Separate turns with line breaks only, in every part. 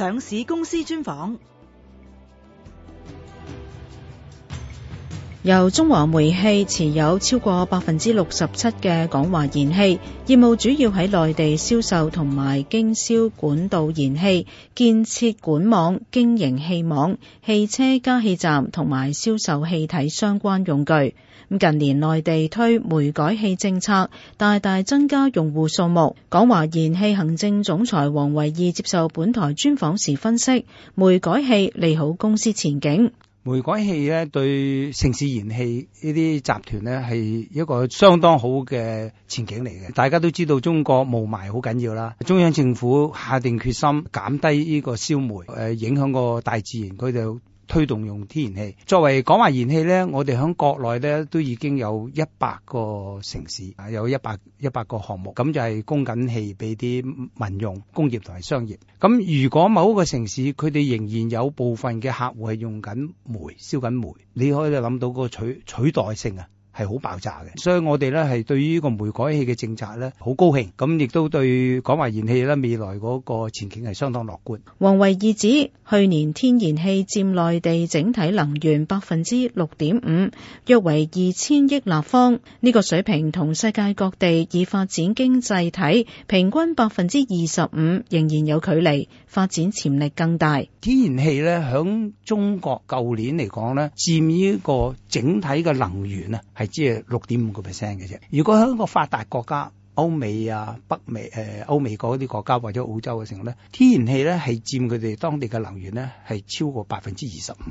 上市公司專訪。由中華煤氣持有超過百分之六十七嘅港華燃氣業務，主要喺內地銷售同埋經銷管道燃氣、建設管網、經營氣網、汽車加氣站同埋銷售氣體相關用具。咁近年內地推煤改氣政策，大大增加用戶數目。港華燃氣行政總裁黃維義接受本台專訪時分析，煤改氣利好公司前景。
煤改氣咧，對城市燃氣呢啲集團咧，係一個相當好嘅前景嚟嘅。大家都知道中國霧霾好緊要啦，中央政府下定決心減低呢個燒煤，誒，影響個大自然，佢就。推動用天然氣作為港華燃氣呢，我哋喺國內呢都已經有一百個城市，有一百一百個項目，咁就係供緊氣俾啲民用、工業同埋商業。咁如果某一個城市佢哋仍然有部分嘅客戶係用緊煤、燒緊煤，你可以諗到嗰個取取代性啊，係好爆炸嘅，所以我哋呢係對於呢個煤改氣嘅政策呢好高興，咁亦都對港華燃氣呢未來嗰個前景係相當樂觀。
黃維義指去年天然氣佔內地整體能源百分之六點五，約為二千億立方，呢個水平同世界各地已發展經濟體平均百分之二十五仍然有距離，發展潛力更大。
天然氣呢，響中國舊年嚟講呢，佔呢個整體嘅能源啊係。即係六點五個 percent 嘅啫。如果香港發達國家歐美啊、北美誒、歐美嗰啲國家或者澳洲嘅時候咧，天然氣咧係佔佢哋當地嘅能源咧係超過百分之二十五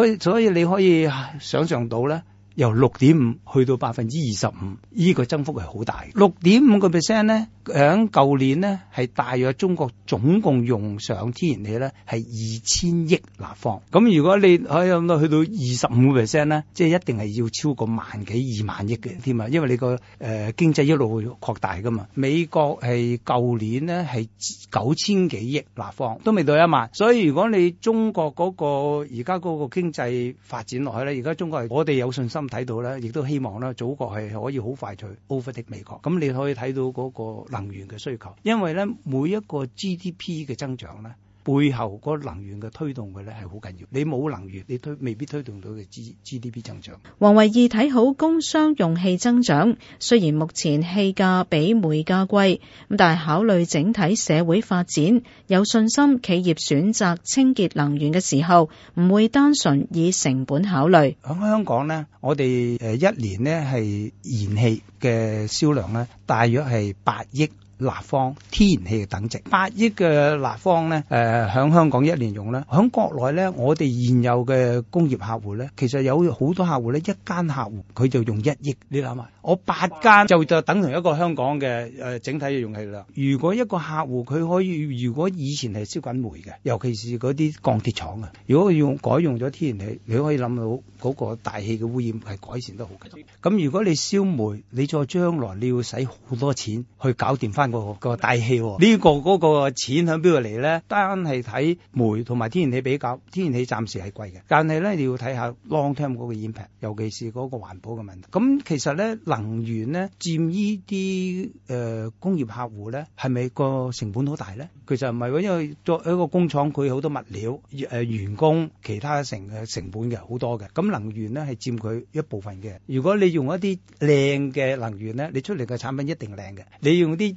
嘅。所以你可以想象到咧。由六點五去到百分之二十五，呢個增幅係好大。六點五個 percent 咧，響舊年呢，係大約中國總共用上天然氣咧係二千億立方。咁如果你可以諗到去到二十五個 percent 咧，即係一定係要超過萬幾二萬億嘅添啊！因為你個誒、呃、經濟一路會擴大噶嘛。美國係舊年呢，係九千幾億立方，都未到一萬。所以如果你中國嗰個而家嗰個經濟發展落去咧，而家中國係我哋有信心。睇到咧，亦都希望咧，祖國係可以好快脆 overtake 美國。咁你可以睇到嗰個能源嘅需求，因為咧每一
個 GDP 嘅增長咧。
背後嗰能源嘅推動嘅咧係好緊要，你冇能源，你推未必推動到嘅 GDP 增長。
黃維義睇好工商用氣增長，雖然目前氣價比煤價貴，咁但係考慮整體社會發展，有信心企業選擇清潔能源嘅時候，唔會單純以成本考慮。喺
香港呢，我哋誒一年呢係燃氣嘅銷量呢，大約係八億。立方天然氣嘅等值八億嘅立方咧，誒、呃、喺香港一年用咧，喺國內咧，我哋現有嘅工業客戶咧，其實有好多客戶咧，一間客戶佢就用一億，你諗下，我八間就就等同一個香港嘅誒、呃、整體嘅用氣量。如果一個客戶佢可以，如果以前係燒緊煤嘅，尤其是嗰啲鋼鐵廠啊，如果用改用咗天然氣，你可以諗到嗰個大氣嘅污染係改善得好緊。咁如果你燒煤，你再將來你要使好多錢去搞掂翻。那個那個大氣呢、哦這個嗰、那個錢響邊度嚟咧？單係睇煤同埋天然氣比較，天然氣暫時係貴嘅。但係咧你要睇下 long term 嗰個 impact，尤其是嗰個環保嘅問題。咁其實咧能源咧佔呢啲誒、呃、工業客戶咧係咪個成本好大咧？其實唔係，因為作一個工廠佢好多物料、誒、呃、員工、其他成誒成本嘅好多嘅。咁能源咧係佔佢一部分嘅。如果你用一啲靚嘅能源咧，你出嚟嘅產品一定靚嘅。你用啲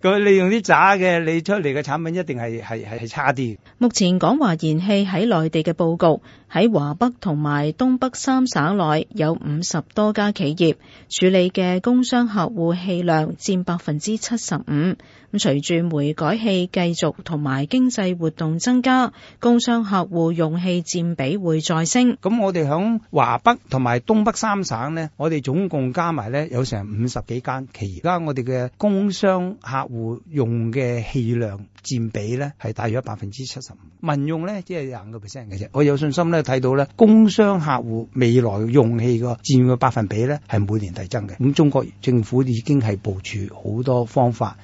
佢利用啲渣嘅，你出嚟嘅產品一定係係係係差啲。
目前港華燃氣喺內地嘅佈局，喺華北同埋東北三省內有五十多家企業，處理嘅工商客戶氣量佔百分之七十五。咁隨住煤改氣繼續同埋經濟活動增加，工商客戶用氣佔比會再升。咁我哋喺
華北同埋東北三省呢，我哋總共加埋呢有成五十幾間企業，其而家我哋嘅工商客戶用嘅氣量佔比咧係大約百分之七十五，民用咧只係廿個 percent 嘅啫。我有信心咧睇到咧，工商客戶未來用氣個佔嘅百分比咧係每年遞增嘅。咁中國政府已經係部署好多方法，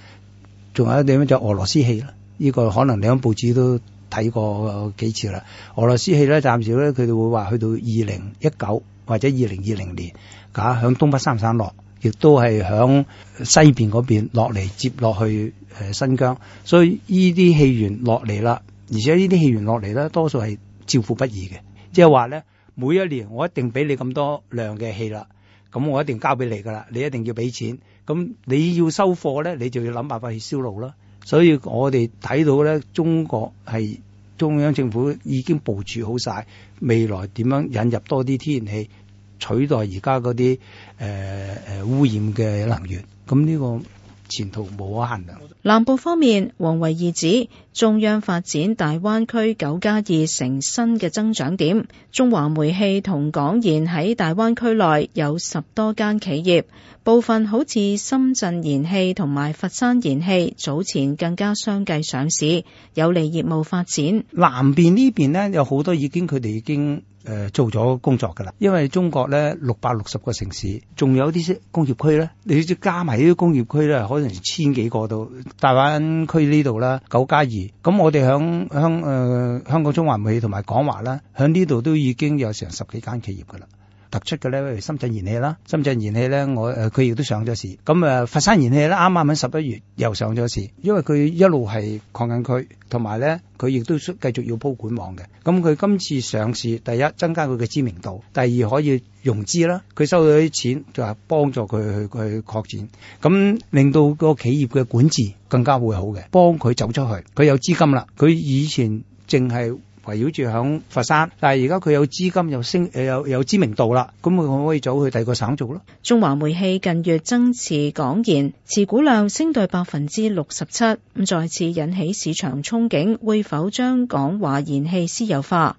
仲有一點就是俄羅斯氣啦。呢個可能你響報紙都睇過幾次啦。俄羅斯氣咧暫時咧佢哋會話去到二零一九或者二零二零年，假響東北三省落。亦都係響西邊嗰邊落嚟接落去誒新疆，所以呢啲氣源落嚟啦，而且呢啲氣源落嚟咧多數係照付不議嘅，即係話咧每一年我一定俾你咁多量嘅氣啦，咁我一定交俾你㗎啦，你一定要俾錢，咁你要收貨咧，你就要諗辦法去銷路啦。所以我哋睇到咧，中國係中央政府已經部署好晒未來點樣引入多啲天然氣。取代而家嗰啲誒誒污染嘅能源，咁呢個前途無可限量。
南部方面，黃維義指中央發展大灣區九加二成新嘅增長點，中華煤氣同港燃喺大灣區內有十多間企業，部分好似深圳燃氣同埋佛山燃氣早前更加相繼上市，有利業務發展。南邊呢邊咧有好
多已經佢哋已經。誒、呃，做咗工作㗎啦，因為中國咧六百六十個城市，仲有啲工業區咧，你加埋呢啲工業區咧，可能千幾個到大灣區呢度啦，九加二，咁我哋響香誒，香港中華煤氣同埋港華啦，響呢度都已經有成十幾間企業㗎啦。突出嘅咧，例如深圳燃氣啦，深圳燃氣咧，我誒佢亦都上咗市。咁誒，佛山燃氣咧，啱啱喺十一月又上咗市，因為佢一路係擴緊區，同埋咧佢亦都繼續要鋪管網嘅。咁佢今次上市，第一增加佢嘅知名度，第二可以融資啦。佢收到啲錢就係幫助佢去去擴展，咁令到個企業嘅管治更加會好嘅，幫佢走出去。佢有資金啦，佢以前淨係。圍繞住喺佛山，但係而家佢有資金又升，又知名度啦，咁佢可唔可以走去第二個省做咯？
中華煤氣近月增持港燃，持股量升到百分之六十七，咁再次引起市場憧憬，會否將港華燃氣私有化？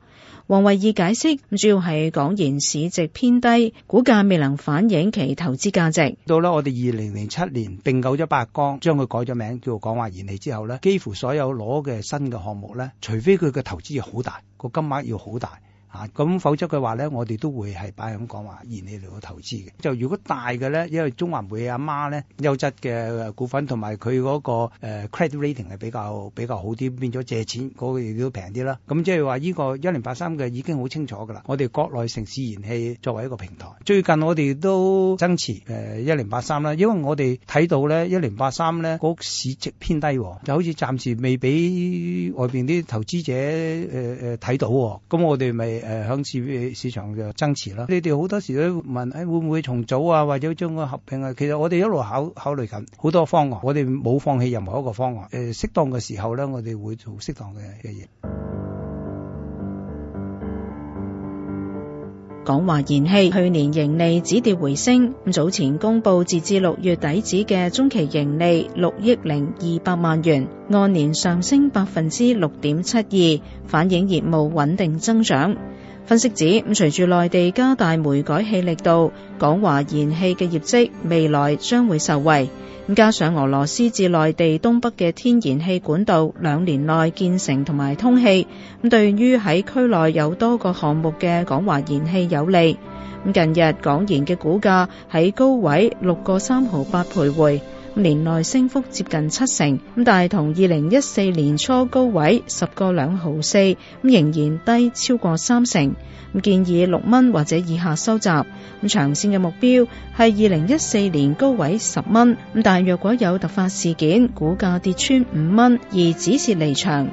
黃維義解釋，主要係港燃市值偏低，股價未能反映其投資價值。
到啦，我哋二零零七年併購咗百江，將佢改咗名叫做港華燃氣之後咧，幾乎所有攞嘅新嘅項目咧，除非佢嘅投資要好大，個金額要好大。咁、啊、否則嘅話咧，我哋都會係擺咁講話，燃氣嚟嘅投資嘅。就如果大嘅咧，因為中華煤氣阿媽咧優質嘅股份同埋佢嗰個 credit rating 係比較比較好啲，變咗借錢嗰、嗰個亦都平啲啦。咁即係話呢個一零八三嘅已經好清楚㗎啦。我哋國內城市燃氣作為一個平台，最近我哋都增持誒一零八三啦，因為我哋睇到咧一零八三咧嗰市值偏低，就好似暫時未俾外面啲投資者睇、呃呃、到，咁我哋咪。誒、呃，響市市場嘅增持啦。你哋好多時都問：誒、哎，會唔會重組啊，或者將個合併啊？其實我哋一路考考慮緊好多方案，我哋冇放棄任何一個方
案。誒、呃，適當嘅時候咧，我哋會做適當嘅嘅嘢。港華燃氣，去年盈利止跌回升。早前公布截至六月底止嘅中期盈利六億零二百萬元，按年上升百分之六點七二，反映業務穩定增長。分析指，隨住內地加大煤改氣力度，港華燃氣嘅業績未來將會受惠。加上俄羅斯至內地東北嘅天然氣管道兩年內建成同埋通氣，對於喺區內有多個項目嘅港華燃氣有利。咁近日港燃嘅股價喺高位六個三毫八徘徊。年內升幅接近七成，咁但係同二零一四年初高位十個兩毫四，咁仍然低超過三成。咁建議六蚊或者以下收集，咁長線嘅目標係二零一四年高位十蚊，咁但係若果有突發事件，股價跌穿五蚊而止蝕離場。